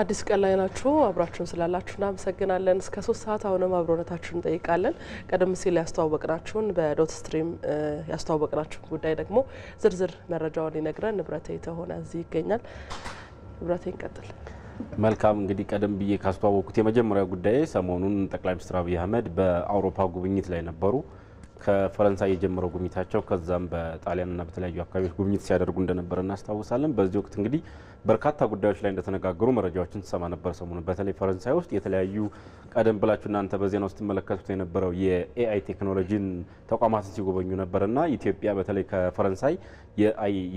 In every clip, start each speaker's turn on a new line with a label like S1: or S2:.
S1: አዲስ ቀን ላይ ናችሁ። አብራችሁን ስላላችሁ እናመሰግናለን። እስከ ሶስት ሰዓት አሁንም አብሮነታችሁን እንጠይቃለን። ቀደም ሲል ያስተዋወቅናችሁን በዶት ስትሪም ያስተዋወቅናችሁን ጉዳይ ደግሞ ዝርዝር መረጃውን ሊነግረን ንብረቴ የተሆነ እዚህ ይገኛል። ንብረቴ እንቀጥል።
S2: መልካም እንግዲህ ቀደም ብዬ ካስተዋወቁት የመጀመሪያ ጉዳይ ሰሞኑን ጠቅላይ ሚኒስትር አብይ አህመድ በአውሮፓ ጉብኝት ላይ ነበሩ። ከፈረንሳይ የጀመረው ጉብኝታቸው ከዛም በጣሊያንና በተለያዩ አካባቢዎች ጉብኝት ሲያደርጉ እንደነበረ እናስታውሳለን። በዚህ ወቅት እንግዲህ በርካታ ጉዳዮች ላይ እንደተነጋገሩ መረጃዎችን ትሰማ ነበር ሰሞኑን። በተለይ ፈረንሳይ ውስጥ የተለያዩ ቀደም ብላችሁ እናንተ በዜና ውስጥ ትመለከቱት የነበረው የኤአይ ቴክኖሎጂን ተቋማትን ሲጎበኙ ነበርና ኢትዮጵያ በተለይ ከፈረንሳይ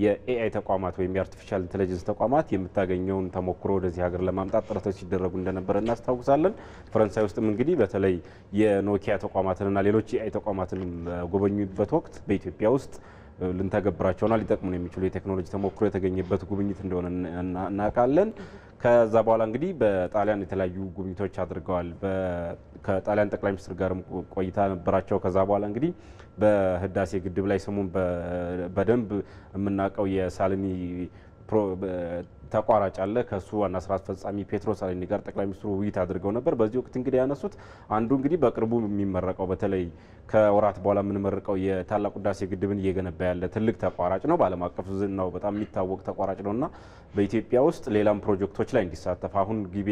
S2: የኤአይ ተቋማት ወይም የአርቲፊሻል ኢንቴሊጀንስ ተቋማት የምታገኘውን ተሞክሮ ወደዚህ ሀገር ለማምጣት ጥረቶች ሲደረጉ እንደነበረ እናስታውሳለን። ፈረንሳይ ውስጥም እንግዲህ በተለይ የኖኪያ ተቋማትንና ሌሎች የኤአይ ተቋማትን በጎበኙበት ወቅት በኢትዮጵያ ውስጥ ልንተገብራቸውና ሊጠቅሙን የሚችሉ የቴክኖሎጂ ተሞክሮ የተገኘበት ጉብኝት እንደሆነ እናውቃለን። ከዛ በኋላ እንግዲህ በጣሊያን የተለያዩ ጉብኝቶች አድርገዋል። ከጣሊያን ጠቅላይ ሚኒስትር ጋርም ቆይታ ነበራቸው። ከዛ በኋላ እንግዲህ በህዳሴ ግድብ ላይ ስሙን በደንብ የምናውቀው የሳልኒ ተቋራጭ አለ። ከእሱ ዋና ስራ አስፈጻሚ ፔትሮስ አለኒ ጋር ጠቅላይ ሚኒስትሩ ውይይት አድርገው ነበር። በዚህ ወቅት እንግዲህ ያነሱት አንዱ እንግዲህ በቅርቡ የሚመረቀው በተለይ ከወራት በኋላ የምንመርቀው የታላቁ ህዳሴ ግድብን እየገነባ ያለ ትልቅ ተቋራጭ ነው። በዓለም አቀፍ ዝናው በጣም የሚታወቅ ተቋራጭ ነው እና በኢትዮጵያ ውስጥ ሌላም ፕሮጀክቶች ላይ እንዲሳተፍ አሁን ጊቤ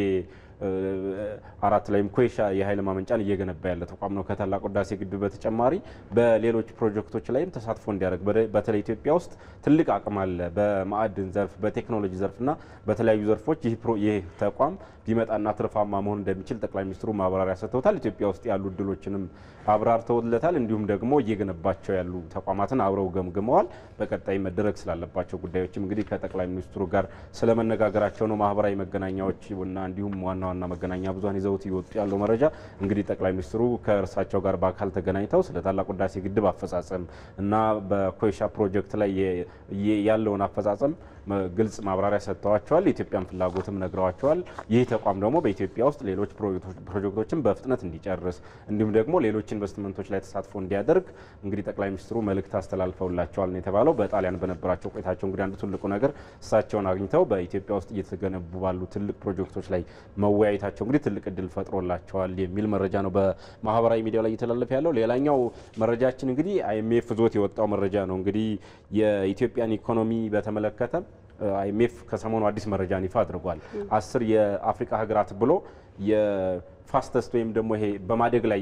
S2: አራት ላይም ኮይሻ የኃይል ማመንጫን እየገነባ ያለ ተቋም ነው። ከታላቁ ህዳሴ ግድብ በተጨማሪ በሌሎች ፕሮጀክቶች ላይም ተሳትፎ እንዲያደርግ በተለይ ኢትዮጵያ ውስጥ ትልቅ አቅም አለ በማዕድን ዘርፍ በቴክኖሎጂ ዘርፍና እና በተለያዩ ዘርፎች ይህ ተቋም ቢመጣና ትርፋማ መሆን እንደሚችል ጠቅላይ ሚኒስትሩ ማብራሪያ ሰጥተውታል። ኢትዮጵያ ውስጥ ያሉ እድሎችንም አብራርተውለታል። እንዲሁም ደግሞ እየገነባቸው ያሉ ተቋማትን አብረው ገምግመዋል። በቀጣይ መደረግ ስላለባቸው ጉዳዮችም እንግዲህ ከጠቅላይ ሚኒስትሩ ጋር ስለመነጋገራቸው ነው ማህበራዊ መገናኛዎች እና እንዲሁም ዋና ዋና መገናኛ ብዙኃን ይዘውት ይወጡ ያለው መረጃ እንግዲህ ጠቅላይ ሚኒስትሩ ከእርሳቸው ጋር በአካል ተገናኝተው ስለ ታላቁ ህዳሴ ግድብ አፈጻጸም እና በኮይሻ ፕሮጀክት ላይ ያለውን አፈጻጸም ግልጽ ማብራሪያ ሰጥተዋቸዋል። የኢትዮጵያን ፍላጎትም ነግረዋቸዋል። ይህ ተቋም ደግሞ በኢትዮጵያ ውስጥ ሌሎች ፕሮጀክቶችን በፍጥነት እንዲጨርስ እንዲሁም ደግሞ ሌሎች ኢንቨስትመንቶች ላይ ተሳትፎ እንዲያደርግ እንግዲህ ጠቅላይ ሚኒስትሩ መልእክት አስተላልፈውላቸዋል ነው የተባለው። በጣሊያን በነበራቸው ቆይታቸው እንግዲህ አንዱ ትልቁ ነገር እሳቸውን አግኝተው በኢትዮጵያ ውስጥ እየተገነቡ ባሉ ትልቅ ፕሮጀክቶች ላይ መወያየታቸው እንግዲህ ትልቅ እድል ፈጥሮላቸዋል የሚል መረጃ ነው በማህበራዊ ሚዲያ ላይ እየተላለፈ ያለው። ሌላኛው መረጃችን እንግዲህ አይኤምኤፍ ዞት የወጣው መረጃ ነው እንግዲህ የኢትዮጵያን ኢኮኖሚ በተመለከተ አይኤምኤፍ ከሰሞኑ አዲስ መረጃን ይፋ አድርጓል። አስር የአፍሪካ ሀገራት ብሎ የፋስተስት ወይም ደግሞ ይሄ በማደግ ላይ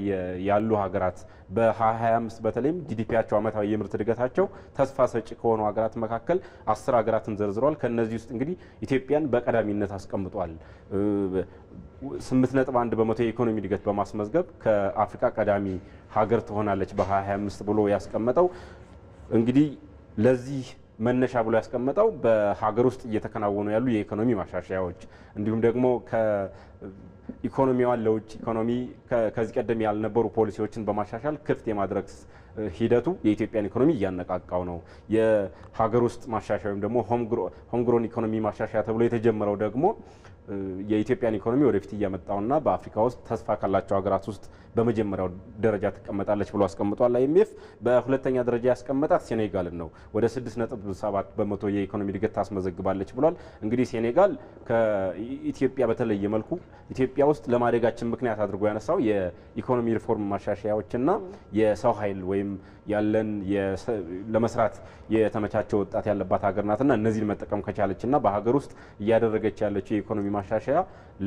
S2: ያሉ ሀገራት በ2025 በተለይም ጂዲፒያቸው ዓመታዊ የምርት እድገታቸው ተስፋ ሰጪ ከሆኑ ሀገራት መካከል አስር ሀገራትን ዘርዝረዋል። ከእነዚህ ውስጥ እንግዲህ ኢትዮጵያን በቀዳሚነት አስቀምጧል። 8.1 በመቶ የኢኮኖሚ እድገት በማስመዝገብ ከአፍሪካ ቀዳሚ ሀገር ትሆናለች በ2025 ብሎ ያስቀመጠው እንግዲህ ለዚህ መነሻ ብሎ ያስቀመጠው በሀገር ውስጥ እየተከናወኑ ያሉ የኢኮኖሚ ማሻሻያዎች እንዲሁም ደግሞ ኢኮኖሚዋን ለውጭ ኢኮኖሚ ከዚህ ቀደም ያልነበሩ ፖሊሲዎችን በማሻሻል ክፍት የማድረግ ሂደቱ የኢትዮጵያን ኢኮኖሚ እያነቃቃው ነው። የሀገር ውስጥ ማሻሻያ ወይም ደግሞ ሆምግሮን ኢኮኖሚ ማሻሻያ ተብሎ የተጀመረው ደግሞ የኢትዮጵያን ኢኮኖሚ ወደፊት እያመጣውና በአፍሪካ ውስጥ ተስፋ ካላቸው ሀገራት ውስጥ በመጀመሪያው ደረጃ ትቀመጣለች ብሎ አስቀምጧል። አይኤምኤፍ በሁለተኛ ደረጃ ያስቀመጣት ሴኔጋልን ነው። ወደ 6.7 በመቶ የኢኮኖሚ እድገት ታስመዘግባለች ብሏል። እንግዲህ ሴኔጋል ከኢትዮጵያ በተለየ መልኩ ኢትዮጵያ ውስጥ ለማደጋችን ምክንያት አድርጎ ያነሳው የኢኮኖሚ ሪፎርም ማሻሻያዎችና የሰው ኃይል ወይም ያለን ለመስራት የተመቻቸው ወጣት ያለባት ሀገር ናትና እነዚህን መጠቀም ከቻለችና በሀገር ውስጥ እያደረገች ያለችው የኢኮኖሚ ማሻሻያ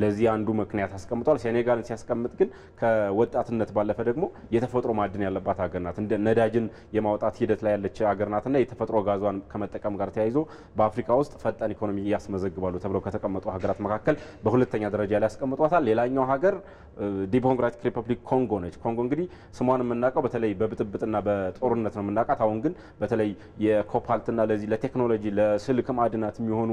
S2: ለዚህ አንዱ ምክንያት አስቀምጧል። ሴኔጋልን ሲያስቀምጥ ግን ከወጣትነት ባለፈ ደግሞ የተፈጥሮ ማዕድን ያለባት ሀገር ናት። እንደ ነዳጅን የማውጣት ሂደት ላይ ያለች ሀገር ናትና የተፈጥሮ ጋዟን ከመጠቀም ጋር ተያይዞ በአፍሪካ ውስጥ ፈጣን ኢኮኖሚ ያስመዘግባሉ ተብለው ከተቀመጡ ሀገራት መካከል በሁለተኛ ደረጃ ላይ ያስቀምጧታል። ሌላኛው ሀገር ዲሞክራቲክ ሪፐብሊክ ኮንጎ ነች። ኮንጎ እንግዲህ ስሟን የምናውቀው በተለይ በብጥብጥና በጦርነት ነው የምናውቃት። አሁን ግን በተለይ የኮፓልትና ለዚህ ለቴክኖሎጂ ለስልክ ማዕድናት የሚሆኑ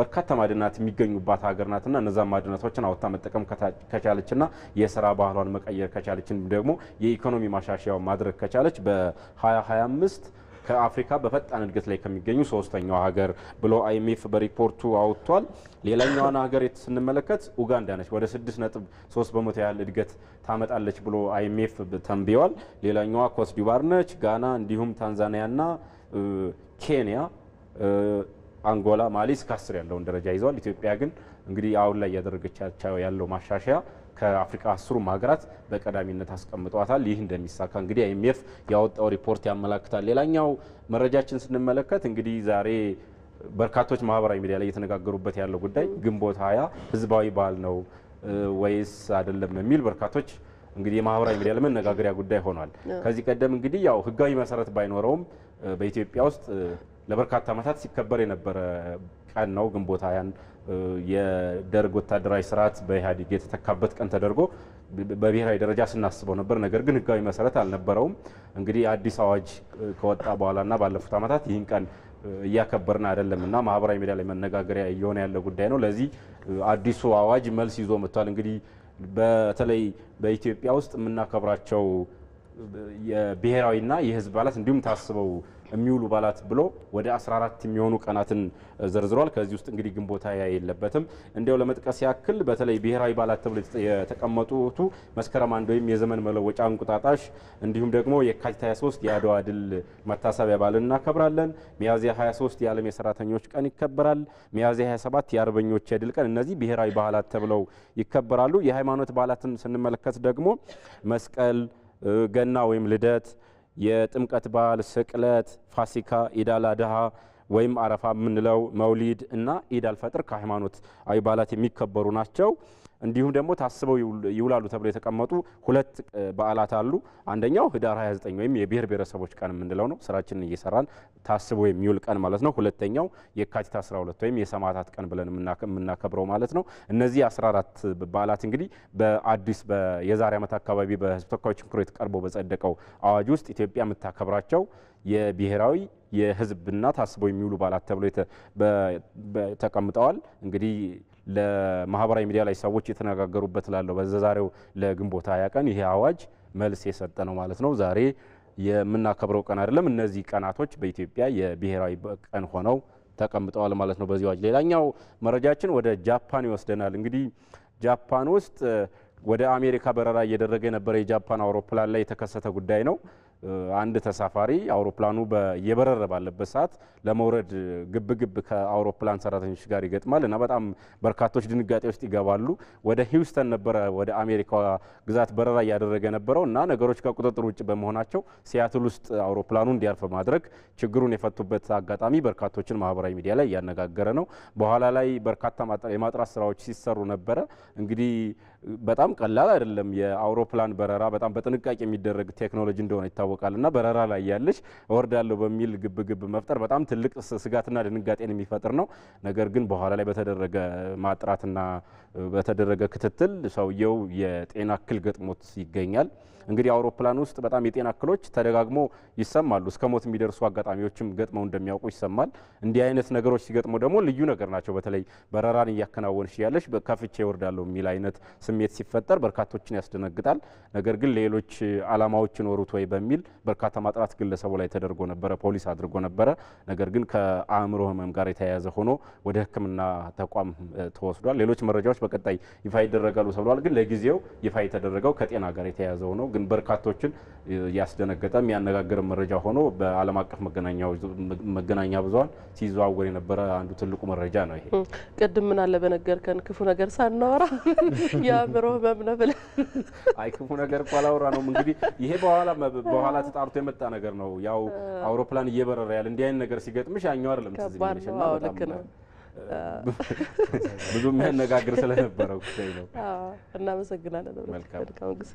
S2: በርካታ ማዕድናት የሚገኙባት ሀገር ሀገር ናትና እነዛ ማድነቶችን አወጣ መጠቀም ከቻለችና የስራ ባህሏን መቀየር ከቻለች ደግሞ የኢኮኖሚ ማሻሻያው ማድረግ ከቻለች በ2025 ከአፍሪካ በፈጣን እድገት ላይ ከሚገኙ ሶስተኛዋ ሀገር ብሎ አይኤምኤፍ በሪፖርቱ አውጥቷል። ሌላኛዋን ሀገር ስንመለከት ኡጋንዳ ነች። ወደ 6.3 3 በመቶ ያህል እድገት ታመጣለች ብሎ አይኤምኤፍ ተንብየዋል። ሌላኛዋ ኮትዲቯር ነች። ጋና፣ እንዲሁም ታንዛኒያና ኬንያ አንጎላ፣ ማሊ እስከ አስር ያለውን ደረጃ ይዘዋል። ኢትዮጵያ ግን እንግዲህ አሁን ላይ እያደረገቻቸው ያለው ማሻሻያ ከአፍሪካ አስሩም ሀገራት በቀዳሚነት አስቀምጧታል። ይህ እንደሚሳካ እንግዲህ አይኤምኤፍ ያወጣው ሪፖርት ያመላክታል። ሌላኛው መረጃችን ስንመለከት እንግዲህ ዛሬ በርካቶች ማህበራዊ ሚዲያ ላይ እየተነጋገሩበት ያለው ጉዳይ ግንቦት ሀያ ህዝባዊ በዓል ነው ወይስ አይደለም የሚል በርካቶች እንግዲህ የማህበራዊ ሚዲያ ለመነጋገሪያ ጉዳይ ሆኗል። ከዚህ ቀደም እንግዲህ ያው ህጋዊ መሰረት ባይኖረውም በኢትዮጵያ ውስጥ ለበርካታ ዓመታት ሲከበር የነበረ ቀን ነው ግንቦት ሃያን የደርግ ወታደራዊ ስርዓት በኢህአዴግ የተተካበት ቀን ተደርጎ በብሔራዊ ደረጃ ስናስበው ነበር። ነገር ግን ህጋዊ መሰረት አልነበረውም። እንግዲህ አዲስ አዋጅ ከወጣ በኋላና ባለፉት ዓመታት ይህን ቀን እያከበርን አይደለም እና ማህበራዊ ሚዲያ ላይ መነጋገሪያ እየሆነ ያለ ጉዳይ ነው። ለዚህ አዲሱ አዋጅ መልስ ይዞ መጥቷል። እንግዲህ በተለይ በኢትዮጵያ ውስጥ የምናከብራቸው የብሔራዊና የህዝብ በዓላት እንዲሁም ታስበው የሚውሉ ባላት ብሎ ወደ 14 የሚሆኑ ቀናትን ዘርዝሯል። ከዚህ ውስጥ እንግዲህ ግንቦት ሃያ የለበትም። እንዲያው ለመጥቀስ ያክል በተለይ ብሔራዊ በዓላት ተብሎ የተቀመጡቱ መስከረም አንድ ወይም የዘመን መለወጫ እንቁጣጣሽ፣ እንዲሁም ደግሞ የካቲት 23 የአድዋ ድል መታሰቢያ በዓልን እናከብራለን። ሚያዝያ 23 የዓለም የሰራተኞች ቀን ይከበራል። ሚያዝያ 27 የአርበኞች የድል ቀን። እነዚህ ብሔራዊ በዓላት ተብለው ይከበራሉ። የሃይማኖት በዓላትን ስንመለከት ደግሞ መስቀል፣ ገና ወይም ልደት የጥምቀት በዓል፣ ስቅለት፣ ፋሲካ፣ ኢዳል አድሃ ወይም አረፋ የምንለው መውሊድ እና ኢዳል ፈጥር ከሃይማኖታዊ በዓላት የሚከበሩ ናቸው። እንዲሁም ደግሞ ታስበው ይውላሉ ተብሎ የተቀመጡ ሁለት በዓላት አሉ። አንደኛው ህዳር 29 ወይም የብሔር ብሔረሰቦች ቀን የምንለው ነው፣ ስራችንን እየሰራን ታስቦ የሚውል ቀን ማለት ነው። ሁለተኛው የካቲት 12 ወይም የሰማዕታት ቀን ብለን የምናከብረው ማለት ነው። እነዚህ 14 በዓላት እንግዲህ በአዲስ የዛሬ ዓመት አካባቢ በህዝብ ተወካዮች ምክር ቤት ቀርቦ በጸደቀው አዋጅ ውስጥ ኢትዮጵያ የምታከብራቸው የብሔራዊ የህዝብና ታስበው የሚውሉ በዓላት ተብሎ ተቀምጠዋል እንግዲህ ለማህበራዊ ሚዲያ ላይ ሰዎች የተነጋገሩበት ላለው በዛሬው ለግንቦት ሀያ ቀን ይሄ አዋጅ መልስ የሰጠ ነው ማለት ነው። ዛሬ የምናከብረው ቀን አይደለም። እነዚህ ቀናቶች በኢትዮጵያ የብሔራዊ ቀን ሆነው ተቀምጠዋል ማለት ነው በዚህ አዋጅ። ሌላኛው መረጃችን ወደ ጃፓን ይወስደናል። እንግዲህ ጃፓን ውስጥ ወደ አሜሪካ በረራ እየደረገ የነበረ የጃፓን አውሮፕላን ላይ የተከሰተ ጉዳይ ነው። አንድ ተሳፋሪ አውሮፕላኑ በየበረረ ባለበት ሰዓት ለመውረድ ግብግብ ከአውሮፕላን ሰራተኞች ጋር ይገጥማል እና በጣም በርካቶች ድንጋጤ ውስጥ ይገባሉ። ወደ ሂውስተን ነበረ ወደ አሜሪካ ግዛት በረራ እያደረገ ነበረው እና ነገሮች ከቁጥጥር ውጭ በመሆናቸው ሲያትል ውስጥ አውሮፕላኑ እንዲያርፍ በማድረግ ችግሩን የፈቱበት አጋጣሚ በርካቶችን ማህበራዊ ሚዲያ ላይ እያነጋገረ ነው። በኋላ ላይ በርካታ የማጥራት ስራዎች ሲሰሩ ነበረ እንግዲህ በጣም ቀላል አይደለም። የአውሮፕላን በረራ በጣም በጥንቃቄ የሚደረግ ቴክኖሎጂ እንደሆነ ይታወቃል እና በረራ ላይ ያለች እወርዳለሁ በሚል ግብግብ መፍጠር በጣም ትልቅ ስጋትና ድንጋጤን የሚፈጥር ነው። ነገር ግን በኋላ ላይ በተደረገ ማጥራትና በተደረገ ክትትል ሰውየው የጤና እክል ገጥሞት ይገኛል። እንግዲህ አውሮፕላን ውስጥ በጣም የጤና እክሎች ተደጋግሞ ይሰማሉ። እስከ ሞት የሚደርሱ አጋጣሚዎችም ገጥመው እንደሚያውቁ ይሰማል። እንዲህ አይነት ነገሮች ሲገጥሙ ደግሞ ልዩ ነገር ናቸው። በተለይ በረራን እያከናወንሽ ያለሽ ከፍቼ እወርዳለሁ የሚል አይነት ስሜት ሲፈጠር በርካቶችን ያስደነግጣል። ነገር ግን ሌሎች አላማዎች ኖሩት ወይ በሚል በርካታ ማጥራት ግለሰቡ ላይ ተደርጎ ነበረ፣ ፖሊስ አድርጎ ነበረ። ነገር ግን ከአእምሮ ህመም ጋር የተያያዘ ሆኖ ወደ ሕክምና ተቋም ተወስዷል። ሌሎች መረጃዎች በቀጣይ ይፋ ይደረጋሉ ተብሏል። ግን ለጊዜው ይፋ የተደረገው ከጤና ጋር የተያያዘ ሆኖ ግን በርካቶችን ያስደነገጠ የሚያነጋግር መረጃ ሆኖ በዓለም አቀፍ መገናኛ ብዙኃን ሲዘዋወር የነበረ አንዱ ትልቁ መረጃ ነው ይሄ።
S1: ቅድም ምን በነገርከን ክፉ ነገር ሳናወራ የአእምሮ ህመም ነው ብለህ
S2: አይ ክፉ ነገር እኮ አላወራ ነው እንግዲህ ይሄ በኋላ በኋላ ተጣርቶ የመጣ ነገር ነው። ያው
S1: አውሮፕላን እየበረረ ያለ እንዲህ አይነት ነገር ሲገጥምሽ ያኛው አይደለም ትዝ ይልሽ እና በጣም ብዙ የሚያነጋግር ስለነበረው ነው። እናመሰግናለን። መልካም ጊዜ